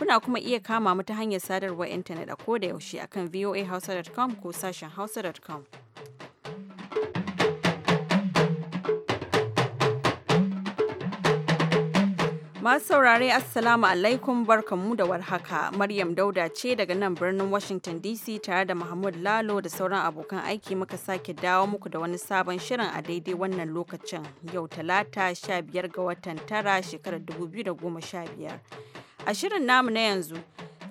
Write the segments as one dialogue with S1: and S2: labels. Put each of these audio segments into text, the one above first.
S1: Kuna kuma iya kama mu ta hanyar sadarwar intanet a koda yaushe akan voahausa.com ko sashen hausa.com. Masu saurare Assalamu alaikum barkanmu da warhaka. Maryam Dauda ce daga nan birnin Washington DC tare da Mahmud Lalo da sauran abokan aiki muka sake dawo muku da wani sabon shirin a daidai wannan lokacin yau talata 15 ga watan tara shekarar 2015. A shirin namu na yanzu,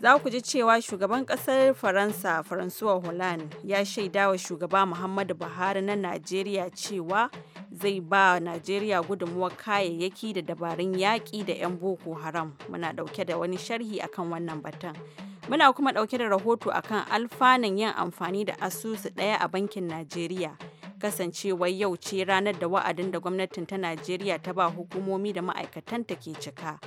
S1: za ku ji cewa shugaban kasar Faransa, Faransuwa holland ya shaida wa shugaba Muhammadu Buhari na Najeriya cewa zai ba Najeriya gudunmuwar kayayyaki da dabarun yaƙi da 'yan Boko Haram. Muna ɗauke da wani sharhi akan wannan batun. Muna kuma ɗauke da rahoto akan alfanun yin amfani da asusu ɗaya a bankin Najeriya. Kasancewar yau ce ranar da wa'adin da gwamnatin ta Najeriya ta ba hukumomi da ma'aikatanta ke cika.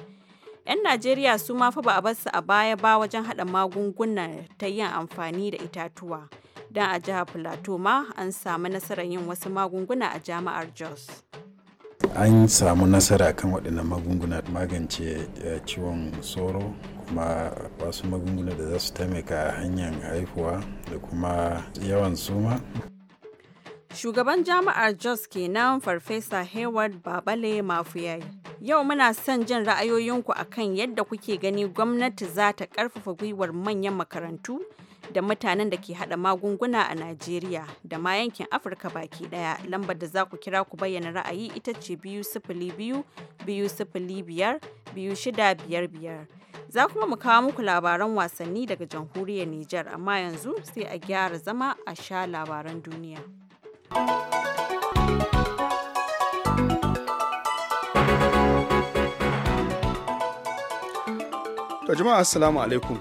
S1: 'Yan Najeriya su ma fa ba a su a baya ba wajen haɗa magunguna ta yin amfani da itatuwa. Don a jihar plateau ma an samu nasarar yin wasu magunguna a jami'ar Jos.
S2: An samu nasara kan waɗannan magunguna magance eh, ciwon soro kuma wasu magunguna da za su taimaka hanyar haihuwa da kuma yawan suma.
S1: Shugaban jami'ar Jos kenan Farfesa Hayward Babale Mafuyayi. Yau muna son jin ra'ayoyinku akan yadda kuke gani gwamnati za ta ƙarfafa gwiwar manyan makarantu da mutanen da ke hada magunguna a Najeriya da ma yankin Afirka baki daya. Lambar da za ku kira ku bayyana ra'ayi ita ce biyu sifili biyu biyu sifili biyar biyu shida biyar biyar. Za kuma mu kawo muku labaran wasanni daga jamhuriyar Nijar amma yanzu sai a gyara zama a sha labaran duniya.
S3: To jama'a assalamu alaikum.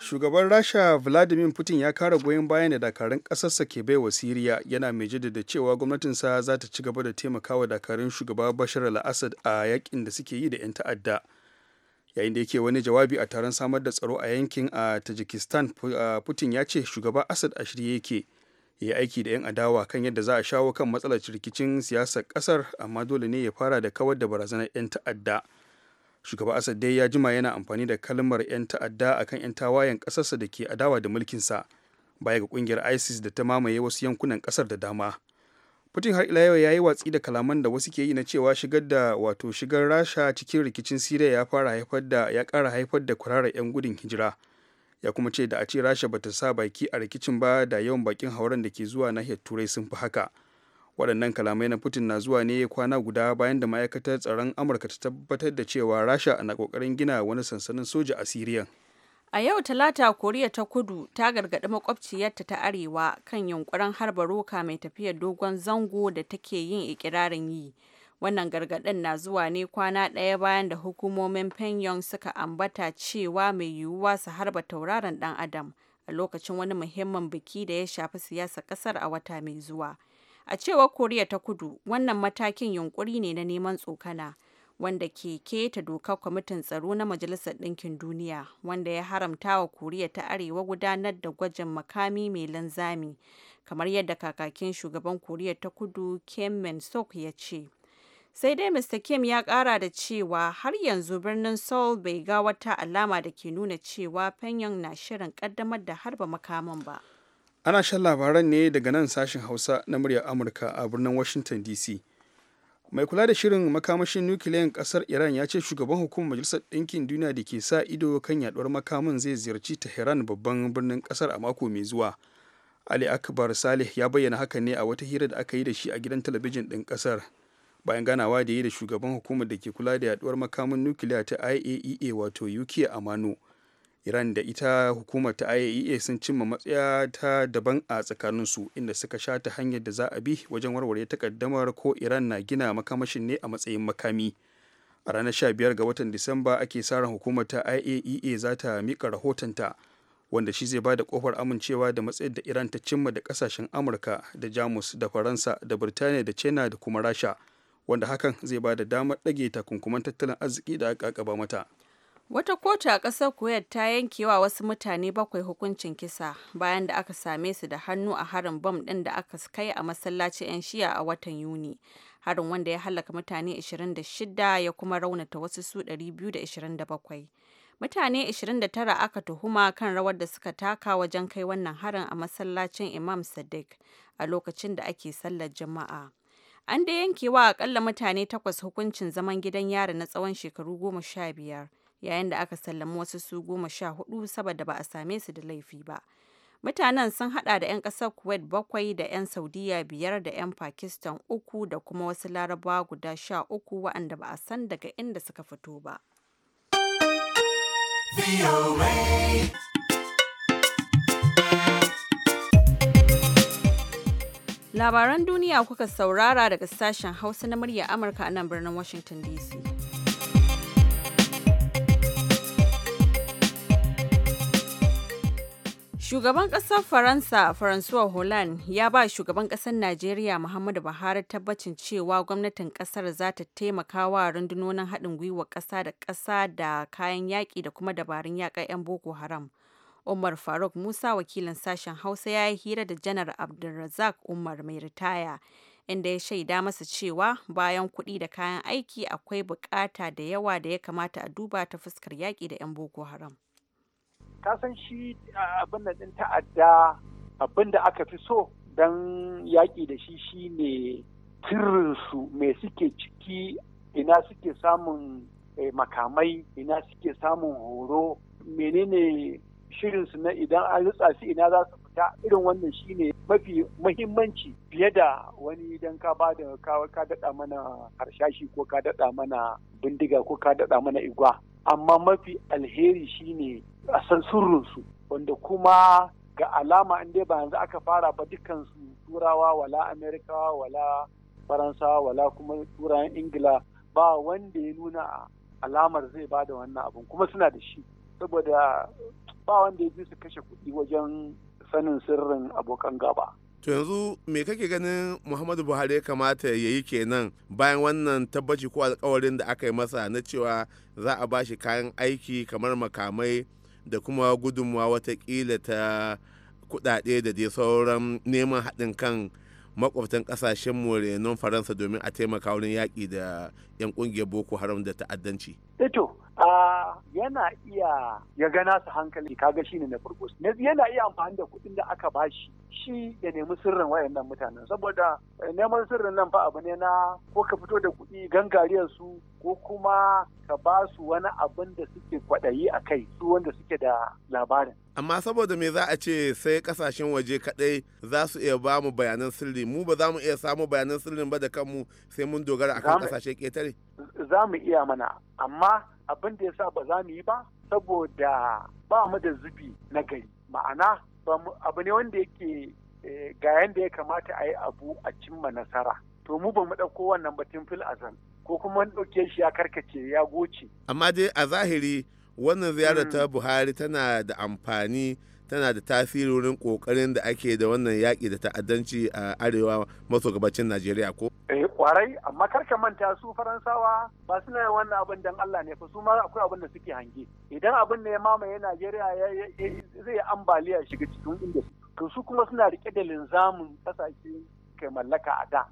S3: Shugaban Rasha Vladimir Putin ya kara goyon bayan da dakarun kasarsa ke baiwa Siriya yana mai jaddada cewa gwamnatinsa za ta ci gaba da taimakawa dakarun shugaba Bashar al-Assad a yakin da suke yi da 'yan ta'adda. Yayin da yake wani jawabi a taron samar da tsaro a yankin a Tajikistan, Putin ya ce shugaba Assad a shirye yake ya aiki da 'yan adawa kan yadda za a shawo kan matsalar rikicin siyasar ƙasar amma dole ne ya fara da kawar da barazanar 'yan ta'adda. shugaba asad dai ya jima yana amfani da kalmar 'yan ta'adda a kan 'yan tawayen ƙasarsa da ke adawa da mulkinsa baya ga ƙungiyar isis da ta mamaye wasu yankunan ƙasar da dama putin har ila yau ya yi watsi da kalaman da wasu ke yi na cewa shigar da wato shigar rasha cikin rikicin siriya ya fara haifar da ya kara haifar da kwararar 'yan gudun hijira ya kuma ce da a ce rasha bata sa baki a rikicin ba da yawan bakin hauren da ke zuwa nahiyar turai sun fi haka waɗannan kalamai na putin na zuwa ne kwana guda bayan da ma'aikatar tsaron amurka ta tabbatar da cewa rasha na kokarin gina wani sansanin soja a siriya
S1: a yau talata koriya ta kudu ta gargaɗi makwabciyarta ta arewa kan yunkurin harba roka mai tafiyar dogon zango da take yin ikirarin yi wannan gargaɗin na zuwa ne kwana ɗaya bayan da hukumomin pyongyang suka ambata cewa mai yiwuwa su harba tauraron ɗan adam a lokacin wani muhimmin biki da ya shafi siyasa ƙasar a wata mai zuwa A cewar Koriya ta Kudu, wannan matakin yunkuri ne na neman tsokana. wanda ke keta dokar kwamitin tsaro na majalisar ɗinkin duniya wanda ya haramta wa koriya ta arewa gudanar da gwajin makami mai linzami kamar yadda kakakin shugaban koriya ta kudu kim min sok ya ce sai dai mr kim ya kara da cewa har yanzu birnin seoul bai ga wata alama da ke nuna cewa pyongyang na shirin kaddamar da harba makaman ba
S3: ana shan labaran ne daga nan sashen hausa na muryar amurka a birnin washington dc mai kula da shirin makamashin nukiliyan kasar iran ya ce shugaban hukumar majalisar ɗinkin duniya da ke sa ido kan yaduwar makamin zai ziyarci tehran babban birnin kasar a mako mai zuwa ali akbar salih ya bayyana haka ne a wata hira da aka yi da shi a gidan talabijin ɗin kasar bayan ganawa da yi da shugaban hukumar da ke kula da yaduwar makamin nukiliya ta iaea e wato uk amano iran da ita hukumar ta iaea e sun cimma matsaya ta daban a tsakaninsu inda suka sha ta hanyar da za a bi wajen warware takaddamar ko iran na gina makamashin ne a matsayin makami a ranar 15 ga watan disamba ake ran hukumar ta iaea e za ta mika rahotonta wanda shi zai ba da kofar amincewa da matsayar da iran ta cimma da kasashen amurka da jamus da faransa da birtaniya da china da kuma rasha wanda hakan zai ba da damar ɗage takunkuman tattalin arziki da aka mata
S1: Wata kotu a ƙasar Kuwait ta yanke wa wasu mutane bakwai hukuncin kisa bayan da aka same su da hannu a harin bom ɗin da aka kai a masallacin 'yan shiya a watan Yuni. Harin wanda ya halaka mutane 26 ya kuma raunata wasu su 227. Mutane 29 aka tuhuma kan rawar da suka taka wajen kai wannan harin a masallacin Imam Sadiq a lokacin da ake sallar Juma'a. An da yankewa akalla mutane takwas hukuncin zaman gidan yari na tsawon shekaru goma sha biyar. yayin da aka sallami wasu su goma sha hudu saboda ba a same su da laifi ba. Mutanen sun hada da 'yan ƙasar Kuwait bakwai da 'yan Saudiya biyar da 'yan Pakistan uku da kuma wasu larabawa guda sha uku waɗanda ba a san daga inda suka fito ba. Labaran duniya kuka saurara daga sashen Hausa na murya Amurka a nan birnin Washington DC. Shugaban ƙasar Faransa, François Hollande, ya ba shugaban ƙasar Najeriya Muhammadu Buhari tabbacin cewa gwamnatin ƙasar za ta taimaka wa rundunonin haɗin gwiwa ƙasa da ƙasa da kayan yaƙi da kuma dabarun yaƙa 'yan Boko Haram. Umar Faruk Musa wakilin sashen Hausa ya yi hira da Janar Abdulrazak Umar mai ritaya, inda ya shaida masa cewa bayan kuɗi da kayan aiki akwai buƙata da yawa da ya kamata a duba ta fuskar yaƙi da 'yan Boko Haram.
S4: ka san shi abin da ɗin ta'adda abin da aka fi so don yaƙi da shi shi ne sirrinsu mai suke ciki ina suke samun eh, makamai ina suke samun horo menene shirinsu na idan an rutsa su ina za su fita irin wannan shi ne mafi muhimmanci fiye da wani idan ka ba da ka daɗa mana harshashi ko ka daɗa mana bindiga ko ka daɗa mana igwa amma mafi alheri shine a san sirrinsu wanda kuma ga alama in ba yanzu aka fara ba dukansu turawa wala amerikawa wala faransawa wala kuma turawan ingila ba wanda ya nuna alamar zai bada wannan abun kuma suna da shi saboda ba wanda ya ji su kashe kuɗi wajen sanin sirrin abokan gaba
S5: to yanzu me kake ganin muhammadu buhari ya kamata ya yi kenan bayan wannan tabbaci ko alkawarin da aka yi masa na cewa za a bashi kayan aiki kamar makamai da kuma gudunmawa watakila ta kudade da dai sauran neman haɗin kan makwabtan kasashen na faransa domin a taimaka wurin yaƙi da 'yan ƙungiyar boko haram da ta'addanci
S4: Eto, eh a yana iya ya gana su hankali kaga shine na farko yana iya amfani da kuɗin da aka bashi shi ya nemi sirrin wayannan mutanen saboda eh, neman sirrin nan fa abu ne na ko ka fito da kuɗi gangariyar su ko kuma ka ba su wani abin da suke kwaɗayi a kai su wanda suke da labarin.
S5: Amma saboda me za a ce sai kasashen waje kaɗai za su iya ba mu bayanan sirri mu ba za mu iya samu bayanan sirrin ba da kanmu sai mun dogara a kan kasashe ƙetare?
S4: Za mu iya mana amma abin da ya sa ba za mu yi ba saboda ba mu da zubi na gari ma'ana abu ne wanda yake eh, ga yanda ya kamata a yi abu a cimma nasara to mu ba mu ɗauko wannan batun fil azan ko kuma an ɗauke shi ya karkace ya goce
S5: amma dai a zahiri wannan ziyarar ta mm. buhari tana da amfani tana da tasiri wurin kokarin da ake da wannan yaƙi da ta'addanci a arewa maso gabacin najeriya ko
S4: eh kwarai amma karka manta su faransawa ba suna yin wannan abin dan allah ne fa su ma akwai abin da suke hange idan abin da ya mamaye najeriya zai ambaliya shiga cikin inda to su kuma suna rike da linzamin kasashe kai mallaka a da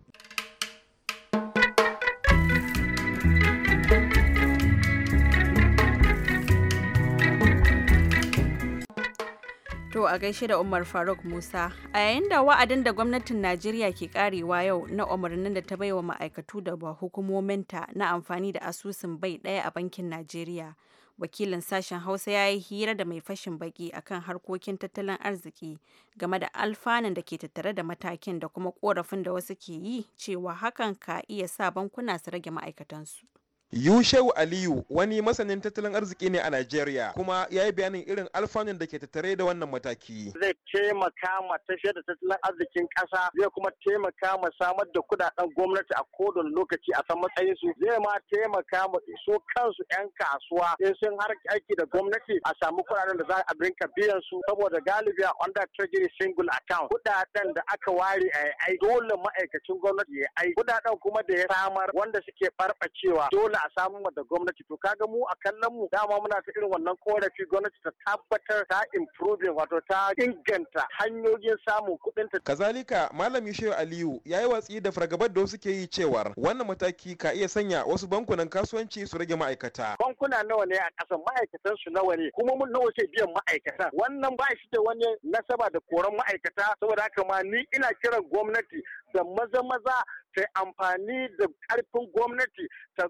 S1: To a gaishe da Umar Faruk Musa, a yayin da wa'adin da gwamnatin Najeriya ke karewa yau na umarnin da ta baiwa ma'aikatu da ba hukumominta na amfani da asusun bai ɗaya a bankin Najeriya. Wakilin sashen Hausa ya yi hira da mai fashin baki akan harkokin tattalin arziki game da alfanun da ke tattare da matakin da kuma korafin da wasu ke yi cewa hakan ka iya sa bankuna su rage ma'aikatansu.
S2: Yushewu Aliyu wani masanin tattalin arziki ne a Najeriya kuma ya yi bayanin irin alfanun da ke tattare da wannan mataki. Zai taimaka ma tashar da tattalin arzikin ƙasa
S6: zai kuma taimaka ma samar da kudaden gwamnati a kodon lokaci a san matsayin su zai ma taimaka ma su kansu 'yan kasuwa sai sun har aiki da gwamnati a samu kudaden da za a rinka biyan su saboda galibi a under treasury single account kudaden da aka ware a ai dole ma'aikacin gwamnati ya ai kudaden kuma da ya samar wanda suke barbacewa dole a samu da gwamnati to kaga mu a kallon mu dama muna ta irin wannan korafi gwamnati ta tabbatar ta improve wato ta
S2: inganta hanyoyin samun kuɗin ta kazalika malam shehu Aliyu ya yi watsi da fargabar da suke yi cewar wannan mataki ka iya sanya wasu bankunan kasuwanci su rage ma'aikata bankuna nawa ne a ƙasar ma'aikatan su nawa ne kuma mun nawa sai biyan
S6: ma'aikata wannan ba shi da wani nasaba da koran ma'aikata saboda haka ma ni ina kiran gwamnati da maza maza ta amfani da karfin gwamnati ta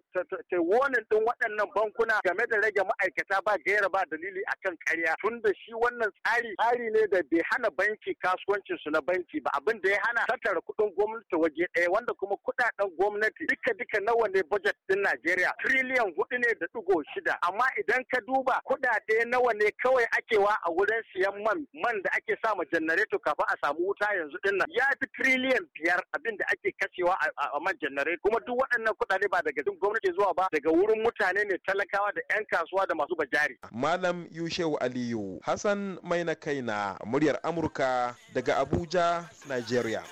S6: wani din waɗannan bankuna game da rage ma'aikata ba gaira ba dalili akan karya tun da shi wannan tsari tsari ne da bai hana banki kasuwancin su na banki ba abin da ya hana tattara kuɗin gwamnati waje ɗaya wanda kuma kuɗaɗen gwamnati duka duka nawa ne budget din Najeriya triliyan hudu ne da ɗigo shida amma idan ka duba kuɗaɗe nawa ne kawai akewa a wurin siyan man man da ake sa ma janareto kafin a samu wuta yanzu ɗin nan ya fi triliyan biyar abin da ake kashewa a man janarai kuma duk waɗannan kuɗaɗe ba daga gwamnati zuwa ba daga wurin mutane ne talakawa da 'yan kasuwa da masu bajari.
S2: Malam Yushewu Aliyu Hassan mai na kaina muryar Amurka daga Abuja, Nigeria.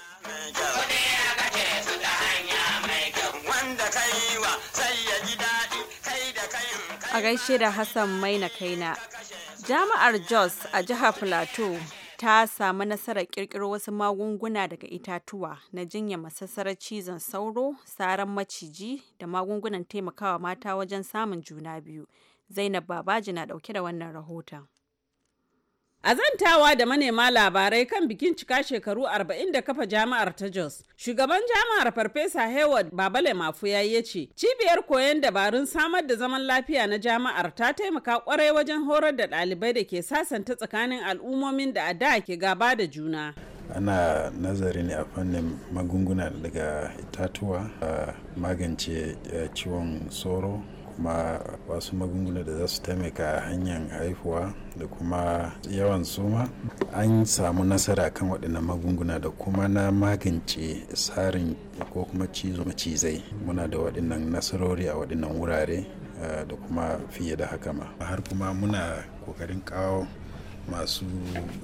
S1: A gaishe da Hassan mai na kaina. Jami'ar Jos a jihar Plateau ta samu nasarar kirkiro wasu magunguna daga itatuwa na jinya masassarar cizon sauro, saran maciji da magungunan taimakawa mata wajen samun juna biyu. Zainab Babaji na dauke da wannan rahoton. Azantawa da manema labarai kan bikin cika shekaru 40 da kafa jami'ar ta Jos, shugaban jami'ar Farfesa Hayward Babale Mafuya ya ce, cibiyar koyon dabarun samar da zaman lafiya na jami'ar ta taimaka kwarai wajen horar da ɗalibai da ke sasanta tsakanin al'ummomin da a da ke gaba da juna.
S2: ana nazari ne a fannin magunguna daga itatuwa a magance eh, ciwon soro kuma wasu magunguna da za su taimaka a hanyar haihuwa da kuma yawan suma an samu nasara kan waɗannan magunguna da kuma na magance tsarin ko kuma cizo macizai muna da waɗannan nasarori a waɗannan wurare eh, da kuma fiye da haka ma har kuma muna ƙoƙarin kawo masu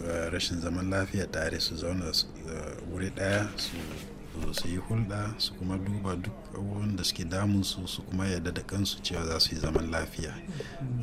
S2: eh, rashin zaman lafiya tare su zauna eh, wuri ɗaya su su su yi hulɗa su kuma duba duk abubuwan da suke damun su su kuma yadda da kansu cewa za su yi zaman lafiya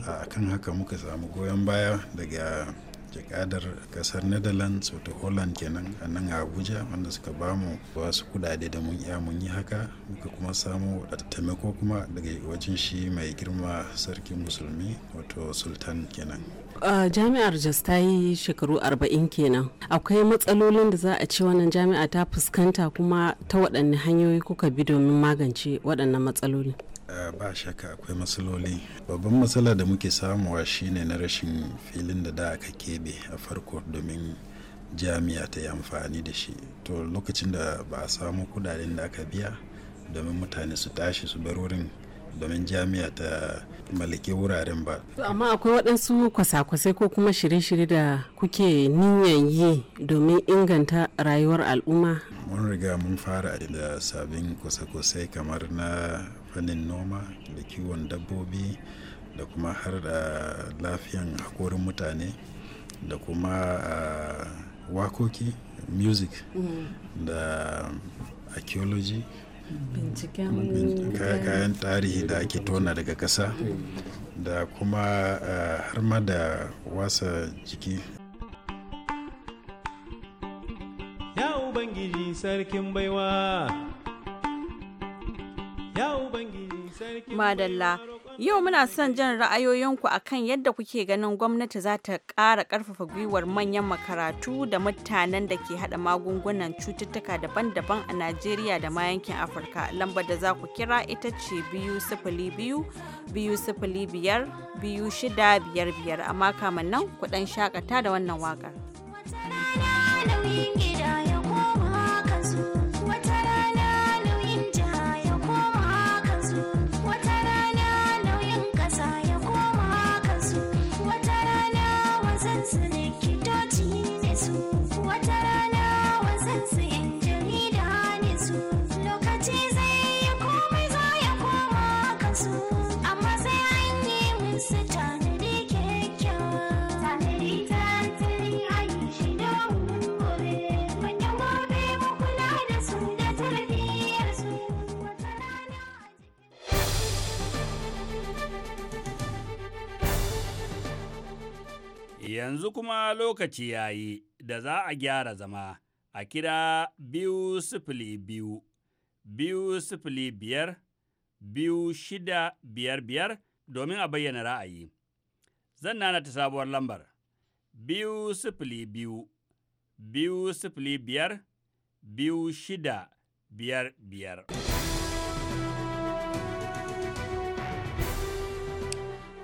S2: a kan haka muka samu goyon baya daga jakadar kasar netherlands wato holland kenan a nan a abuja wanda suka bamu wasu kudade da mun iya mun yi haka muka kuma samu taimako kuma daga wajen shi mai girma sarki musulmi wato sultan kenan
S1: Uh, jami'ar jos ta yi shekaru 40 kenan akwai matsalolin da za a ce wannan jami'a ta fuskanta kuma ta waɗanne hanyoyi kuka bi domin magance waɗannan matsaloli
S2: Eh, ba shaka akwai matsaloli babban matsala da muke samuwa shine na rashin filin da da aka keɓe a farko domin jami'a ta yi amfani da shi to lokacin da ba a samu kudaden da aka biya domin mutane su tashi su bar wurin domin jami'a ta malake wuraren ba.
S1: amma akwai waɗansu kwasa-kwasai ko kuma shirye-shirye da kuke niyan yi domin inganta rayuwar al'umma.
S2: mun riga mun fara da sabbin kwasa-kwasai kamar na fannin noma da kiwon dabbobi da kuma har da lafiyan hakorin mutane da kuma ah, wakoki music
S1: mm-hmm.
S2: da archaeology
S1: kayan tarihi
S2: da ake tona daga ƙasa mm-hmm. da kuma ah, har ma da wasa jiki
S5: ya ubangiji
S4: sarkin baiwa
S1: Madalla, yau muna son jan ra'ayoyinku akan yadda kuke ganin gwamnati za ta ƙara ƙarfafa gwiwar manyan makaratu da mutanen da ke haɗa magungunan cututtuka daban-daban a Najeriya da ma yankin Afirka. lamba da za ku kira ita ce biyu sifili biyu, biyu sifili biyar, biyu shida biyar biyar. Amma nan ku shakata da wannan waƙar.
S3: Yanzu kuma lokaci ya yi da za a gyara zama a kira biyu sifili biyu, biyu sifili biyar, biyu shida biyar biyar domin a bayyana ra'ayi. Zan nana ta sabuwar lambar, biyu sifili biyu, biyu sifili biyar, biyu shida biyar biyar.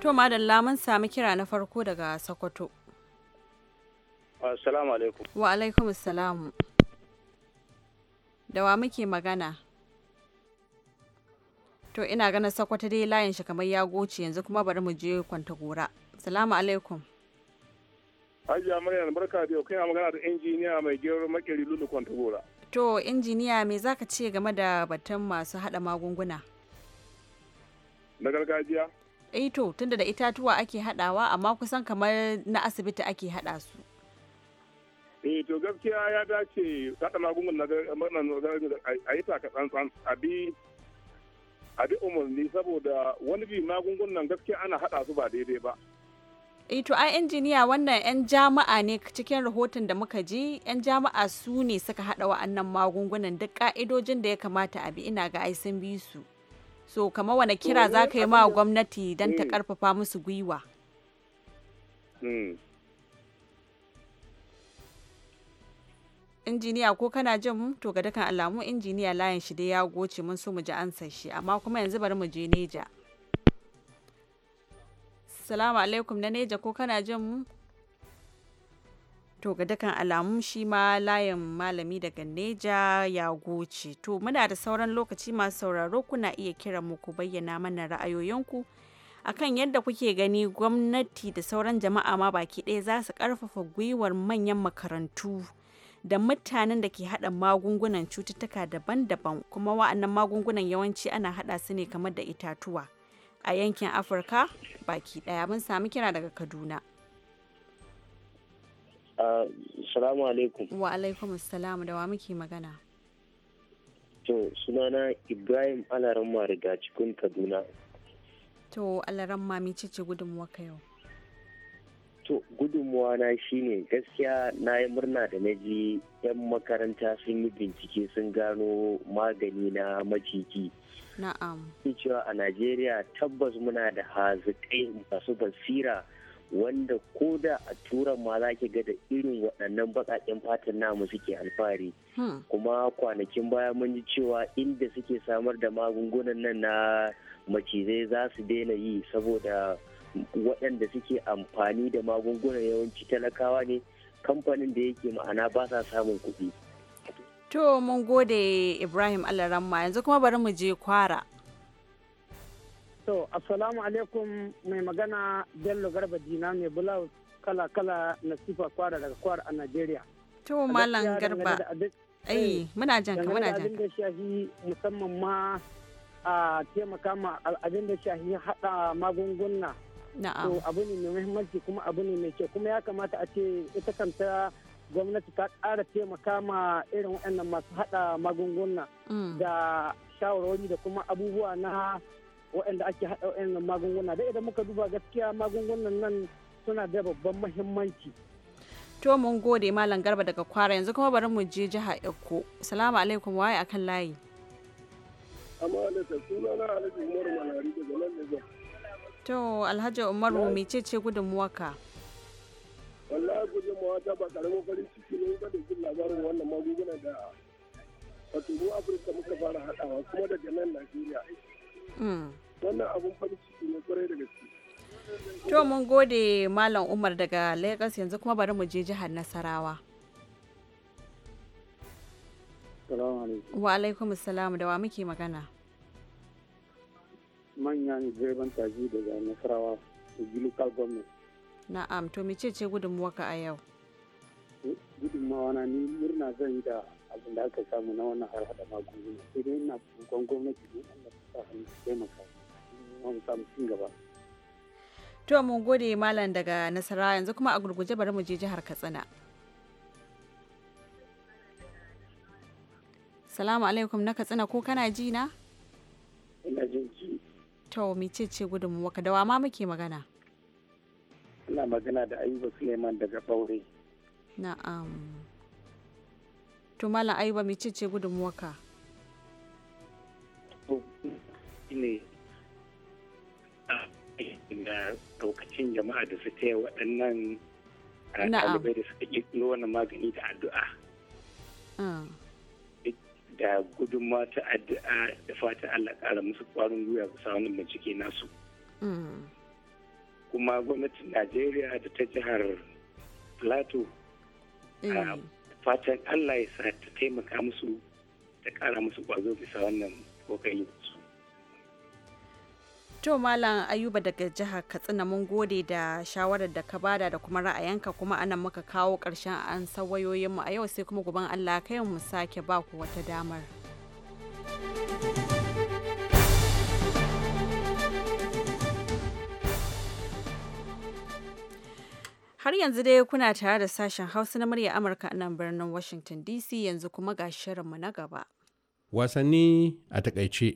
S1: To madalla mun sami kira na farko daga Sokoto.
S5: Assalamu alaikum.
S1: Wa alaikum salam. Da wa muke magana? To ina ganin sakwata dai layin shi kamar ya goce yanzu kuma bari mu je kwanta gora. Assalamu alaikum.
S4: Hajiya Maryam barka da yau kana magana da injiniya mai gero makeri lulu kwanta gora.
S1: To injiniya me zaka ce game da batun masu hada magunguna?
S3: Na gargajiya?
S1: Eh to tunda da itatuwa ake hadawa amma kusan kamar na asibiti ake hada su.
S3: eh to gaskiya ya dace haɗa magungunan
S5: na a yi taka tsantsan a bi umarni saboda wani bi magungunan gaskiya ana haɗa su ba daidai ba
S1: eh, to ai injiniya wannan 'yan jama'a ne cikin rahoton da muka ji 'yan jama'a su ne suka haɗa wa'annan magungunan duk ka'idojin da ya kamata abi ina ga ai sun bi su so kamar wani kira eh, za ka yi ma gwamnati don ta karfafa mm. musu gwiwa mm. injiniya ko kana jin mu to ga dukan alamu injiniya layin shi dai ya goce mun so mu ji ansar shi amma kuma yanzu bari mu je neja salamu alaikum na neja ko kana jin mu to ga dukan alamu shi ma layin malami daga neja ya goce to muna da sauran lokaci masu sauraro kuna iya kiran mu ku bayyana mana ra'ayoyinku akan yadda kuke gani gwamnati da sauran jama'a ma baki ɗaya za su ƙarfafa gwiwar manyan makarantu da mutanen da ke hada magungunan cututtuka daban-daban kuma wa'annan magungunan yawanci ana hada su ne kamar da itatuwa a yankin afirka baki daya mun sami kira daga kaduna
S6: Assalamu alaikum.
S1: Wa alaikum assalam da wa muke magana.
S6: To sunana Ibrahim Alaramma daga cikin Kaduna.
S1: To Alaramma mai ce gudunmuwa ka yau?
S6: To gudunmuwa na shine gaskiya na yi murna da na ji 'yan makaranta sun yi bincike sun gano magani na maciji. Na'am. cewa a Najeriya tabbas muna da hazikai masu basira wanda ko da a turan ma za ga da irin waɗannan baƙaƙen fatan namu suke alfahari. Hmm. Kuma kwanakin baya mun ji cewa inda suke samar da magungunan nan na macizai za su daina yi saboda. waɗanda suke amfani da magungunan yawanci talakawa ne kamfanin da yake ma'ana ba sa samun kuɗi.
S1: To mun gode Ibrahim Alaramma yanzu kuma bari mu je kwara.
S4: To assalamu alaikum mai magana Bello Garba Dina mai bulaus kala-kala na sifa kwara daga kwara a Najeriya.
S1: To Malam Garba.
S4: Ai eh, muna jan ka muna jan ka. shahi musamman ma a taimaka ma abin da shahi hada magunguna na'am to abu ne mai muhimmanci kuma abu ne mai kyau kuma ya kamata a ce ita kanta gwamnati ta ƙara taimaka ma irin waɗannan masu haɗa magunguna mm. da shawarwari da kuma abubuwa na waɗanda ake haɗa waɗannan magunguna da idan muka duba gaskiya magungunan nan suna da babban muhimmanci
S1: to mun gode malam garba daga kwara yanzu kuma bari mu je jiha eko salamu alaikum waye akan layi
S4: amma da sunana alhaji umar malari daga nan
S1: To Alhaji Umaru mece ce gudunmuwarka?
S4: Wallahi gudunmuwa ta ba karamin farin ciki ne ba da jin labarin wannan magunguna da wato mu Afirka muka fara haɗawa kuma daga nan Najeriya. Mm. Wannan abun farin ciki ne kwarai da gaske.
S1: To mun gode Malam Umar daga Lagos yanzu kuma bari mu je jihar Nasarawa. Wa alaikum salam da wa muke magana?
S4: manyan ne direban taji daga nasarawa to ji local government
S1: na'am to mece ce gudunmuwarka a yau
S4: gudunmawa na ni murna zan yi da abin da aka samu na wannan har hada magunguna sai dai ina tsoron gwamnati ne Allah ta sa hannu taimaka mu samu cin gaba
S1: to mun gode malam daga Nasarawa yanzu kuma a gurguje bari mu je jihar katsina salamu alaikum na katsina ko kana ji na
S4: ina jin ji
S1: to mece ce gudunmuwa ka dawa ma muke magana
S6: ina magana da ayuba suleiman daga ɓaure
S1: na'am to malam ayuba mece ce gudunmuwa ka
S6: ne da lokacin jama'a da suka yi waɗannan ɗalibai da suka ƙirƙiro wani magani da addu'a ah. da gudunma ta addu'a da fata Allah ƙara musu ƙwarin gwiwa bisa wannan bincike nasu. Kuma gwamnatin Najeriya da ta jihar Plateau eh. fatan Allah ya sa ta taimaka musu ta ƙara musu ƙwazo bisa wannan kokari su.
S1: To Malam Ayuba daga jihar Katsina mun gode da shawarar da ka bada da kuma ra'ayanka kuma anan muka kawo ƙarshen an sawayoyinmu a yau sai kuma guban Allah kai mu sake ba ku wata damar. Har yanzu dai kuna tare da sashen Hausa na murya Amurka a nan birnin Washington DC yanzu kuma ga shirinmu na gaba.
S3: Wasanni a takaice.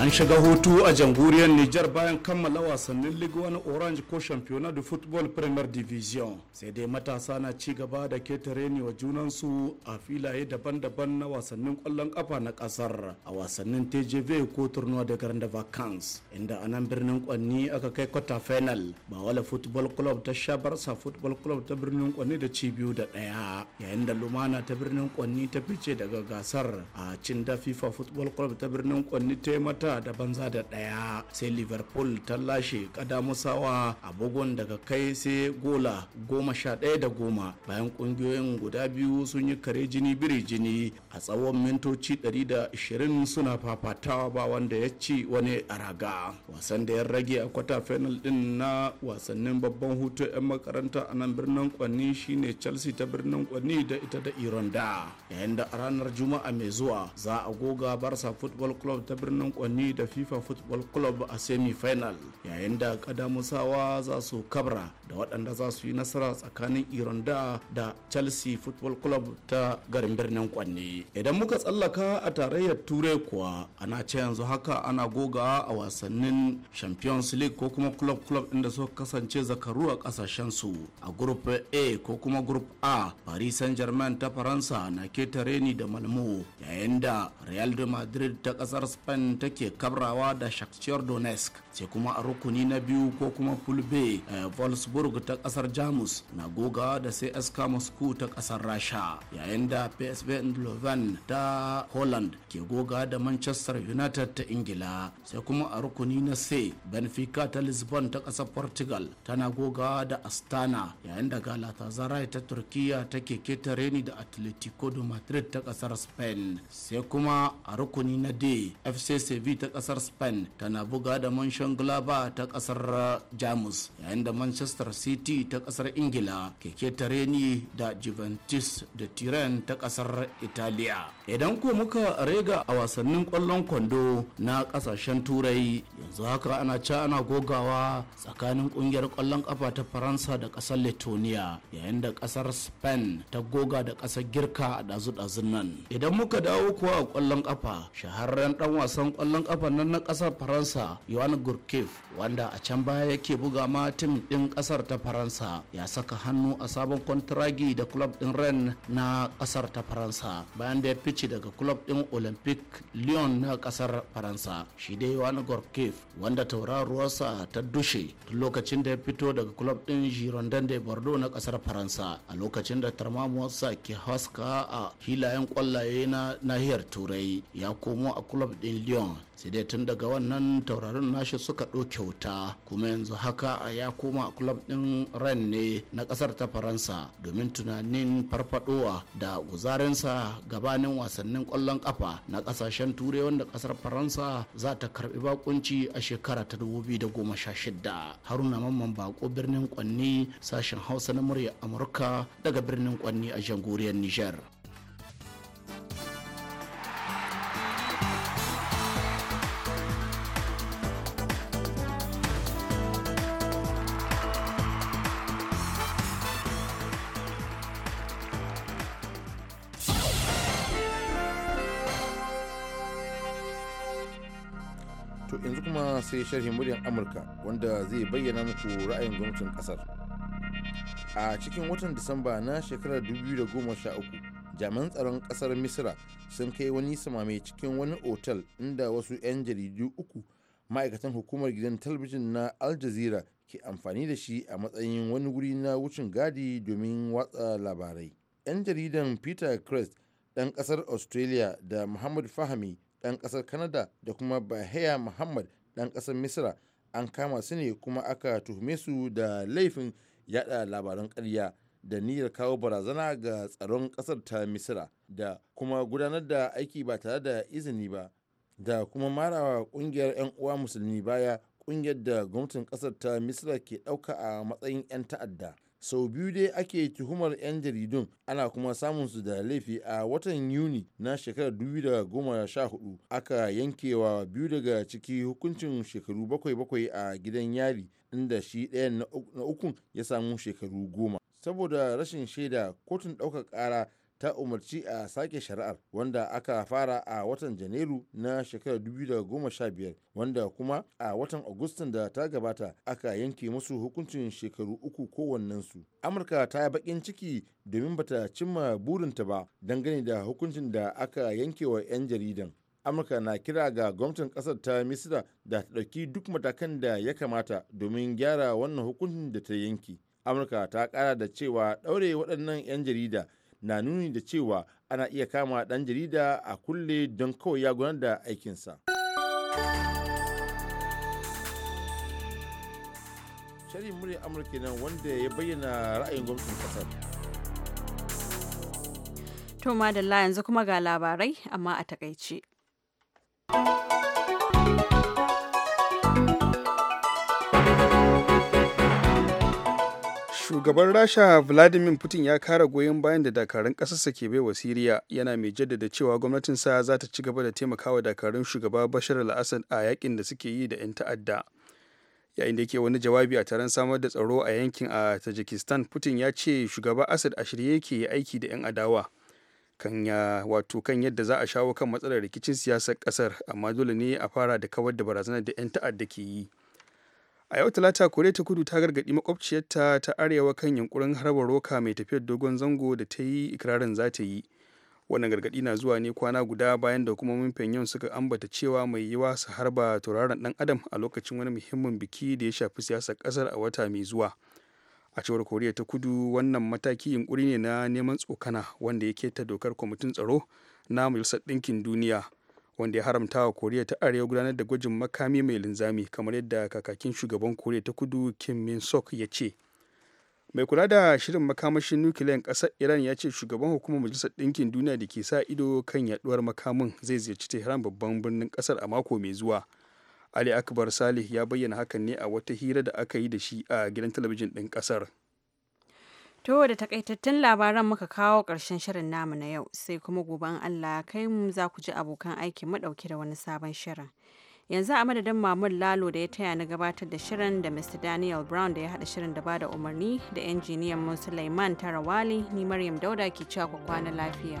S5: an shiga hutu a jamhuriyar Nijar
S7: bayan kammala wasannin Ligue na Orange ko Championnat de Football Premier Division. Sai dai matasa na ci gaba da ketare ne wa junansu a filaye daban-daban na wasannin kwallon kafa na kasar a wasannin TJV ko Tournoi de Grande Vacances inda a nan birnin Kwanni aka kai kwata final. wala Football Club ta sha Barsa Football Club ta birnin Kwanni da ci biyu da ɗaya. Yayin da Lumana ta birnin Kwanni ta fice daga gasar a cin da FIFA Football Club ta birnin Kwanni ta yi mata tara da banza da ɗaya sai liverpool ta lashe kadamusawa a bugun daga kai sai gola goma sha ɗaya da goma bayan ƙungiyoyin guda biyu sun yi kare jini biri jini a tsawon mintoci 120 suna fafatawa ba wanda ya ci wani a raga wasan da ya rage a kwata final din na wasannin babban hutu 'yan makaranta a nan birnin kwanni shine chelsea ta birnin kwanni da ita da ironda yayin da a ranar juma'a mai zuwa za a goga barsa football club ta birnin kwanni wasanni da fifa football club a semi-final yayin da kadamusawa za su kabra da waɗanda za su yi nasara tsakanin iran da da chelsea football club ta garin birnin kwanne idan muka tsallaka a tarayyar turai kuwa ana ce yanzu haka ana goga a wasannin champions league ko kuma club club inda suka kasance zakaru a kasashen su a group a ko kuma group a paris saint germain ta faransa na ketare ni da malmo yayin da real madrid ta kasar spain take kabrawa da shakhtar donetsk sai kuma a rukuni na biyu ko kuma fulbe eh, wolfsburg ta kasar jamus na goga da sai sk moscow ta kasar rasha yayin da psv eindhoven ta holland ke goga da manchester united ta ingila sai kuma a rukuni na c benfica ta lisbon ta kasar portugal tana goga da astana yayin da galatasaray ta turkiya take ketare ni da atletico de madrid ta kasar spain sai kuma a rukuni na d fc sevilla ta kasar spain tana buga da glaba ta kasar jamus yayin da manchester city ta kasar ingila keke ketare ni da juventus da turin ta kasar italiya idan ko muka rega a wasannin kwallon kwando na kasashen turai yanzu haka ana ca ana gogawa tsakanin kungiyar kwallon kafa ta faransa da kasar letonia yayin da kasar spain ta goga da kasar girka a dazu-dazun nan idan muka dawo kuwa a kwallon kafa shahararren dan wasan kwallon tsabanin na kasar faransa yohan gurkif wanda a can baya yake buga ma tim din kasar ta faransa ya saka hannu a sabon kwantiragi da club din ren na kasar ta faransa bayan da ya fice daga club din olympic lyon na kasar faransa shi dai yohan gurkif wanda tauraruwarsa ta dushe lokacin da ya fito daga club din girondin de bordeaux na kasar faransa a lokacin da tarmamuwarsa ke haska a filayen kwallaye na nahiyar turai ya komo a club din lyon sai dai tun daga wannan taurarin nashi suka ɗauke wuta kuma yanzu haka ya koma kulab ɗin ren ne na ƙasar ta faransa domin tunanin farfadowa da guzarinsa gabanin wasannin ƙwallon ƙafa na ƙasashen turai wanda ƙasar faransa za ta karɓi bakunci a shekara ta dubu biyu da goma sha shidda haruna mamman bako birnin kwanni sashen hausa na murya amurka daga birnin kwanni a jamhuriyar nijar.
S8: kuma sai sharhin muryar amurka wanda zai bayyana muku ra'ayin gwamnatin kasar a cikin watan disamba na shekarar 2013 jami'an tsaron kasar misira sun kai wani samame cikin wani otal inda wasu 'yan jaridu uku ma'aikatan hukumar gidan talabijin na al jazeera ke amfani da shi a matsayin wani wuri na wucin gadi domin watsa labarai 'yan jaridan peter crest ɗan kasar australia da muhammad fahmi ɗan kasar canada da kuma bahia muhammad ɗan ƙasar misira an kama su ne kuma aka tuhume su da laifin yada labaran karya da niyyar kawo barazana ga tsaron ƙasar ta misira da kuma gudanar da aiki ba tare da izini ba da kuma marawa ƙungiyar 'yan uwa musulmi baya ƙungiyar da gwamnatin ƙasar ta misira ke ɗauka a matsayin 'yan ta'adda sau biyu dai ake tuhumar 'yan jaridun ana kuma samun su da laifi a watan yuni na shekarar 2014 aka yankewa biyu daga ciki hukuncin shekaru bakwai bakwai a gidan yari inda shi ɗaya na ukun ya samu shekaru goma saboda rashin shaida kotun ɗaukar ƙara ta umarci a sake shari'ar wanda aka fara a watan janairu na shekarar 2015 wanda kuma a watan agustan da ta gabata aka yanke musu hukuncin shekaru uku kowannensu amurka ta yi bakin ciki domin bata cimma burinta ba dangane da hukuncin da aka yanke wa 'yan jaridan amurka na kira ga gwamnatin kasar ta misira da ta ɗauki duk matakan da ya kamata domin gyara wannan hukuncin da ta yanke amurka ta kara da cewa ɗaure waɗannan 'yan jarida na nuni da cewa ana iya kama dan jarida a kulle don kawai ya gudanar da aikinsa. Shirin murya Amurka nan wanda ya bayyana ra'ayin gwamnatin ƙasar.
S1: To madalla yanzu kuma ga labarai amma a takaice.
S3: shugaban rasha vladimir putin ya kara goyon bayan da dakarun kasarsa ke baiwa siriya yana mai jaddada cewa gwamnatinsa za ta ci gaba da taimakawa dakarun shugaba bashar al-assad a yakin da suke yi da 'yan ta'adda yayin da yake wani jawabi a taron samar da tsaro a yankin a tajikistan putin ya ce shugaba assad a shirye yake aiki da 'yan adawa kan ya wato kan yadda za a shawo kan matsalar rikicin siyasar kasar amma dole ne a fara da kawar da barazanar da 'yan ta'adda ke yi a yau talata koriya ta kudu ta gargaɗi makwabciyarta ta arewa kan yankurin harba roka mai tafiyar dogon zango da ta yi ikirarin za ta yi wannan gargaɗi na zuwa ne kwana guda bayan da kuma hukumomin pyongyang suka ambata cewa mai yiwa su harba tauraron dan adam a lokacin wani muhimmin biki da ya shafi siyasar kasar a wata mai zuwa a cewar koriya ta kudu wannan mataki yunkuri ne na neman tsokana wanda ya keta dokar kwamitin tsaro na majalisar ɗinkin duniya wanda ya haramta wa koriya ta arewa gudanar da gwajin makami mai linzami kamar yadda kakakin shugaban koriya ta kudu kim min sok ya ce mai kula da shirin makamashin nukiliyan ƙasar iran ya ce shugaban hukumar majalisar ɗinkin duniya da ke sa ido kan yaduwar makamin zai ziyarci tehran babban birnin ƙasar a mako mai zuwa ali akbar salih ya bayyana hakan ne a wata hira da aka yi da shi a gidan talabijin ɗin ƙasar
S1: To da takaitattun labaran muka kawo ƙarshen shirin namu na yau sai kuma gobe in Allah kai mu za ku ji abokan aiki mu ɗauki da wani sabon shirin. Yanzu a madadin Mamun Lalo da ya taya na gabatar da shirin da Mr. Daniel Brown da ya haɗa shirin da bada umarni da injiniyan mu Sulaiman Tarawali ni Maryam Dauda ke cewa kwana lafiya.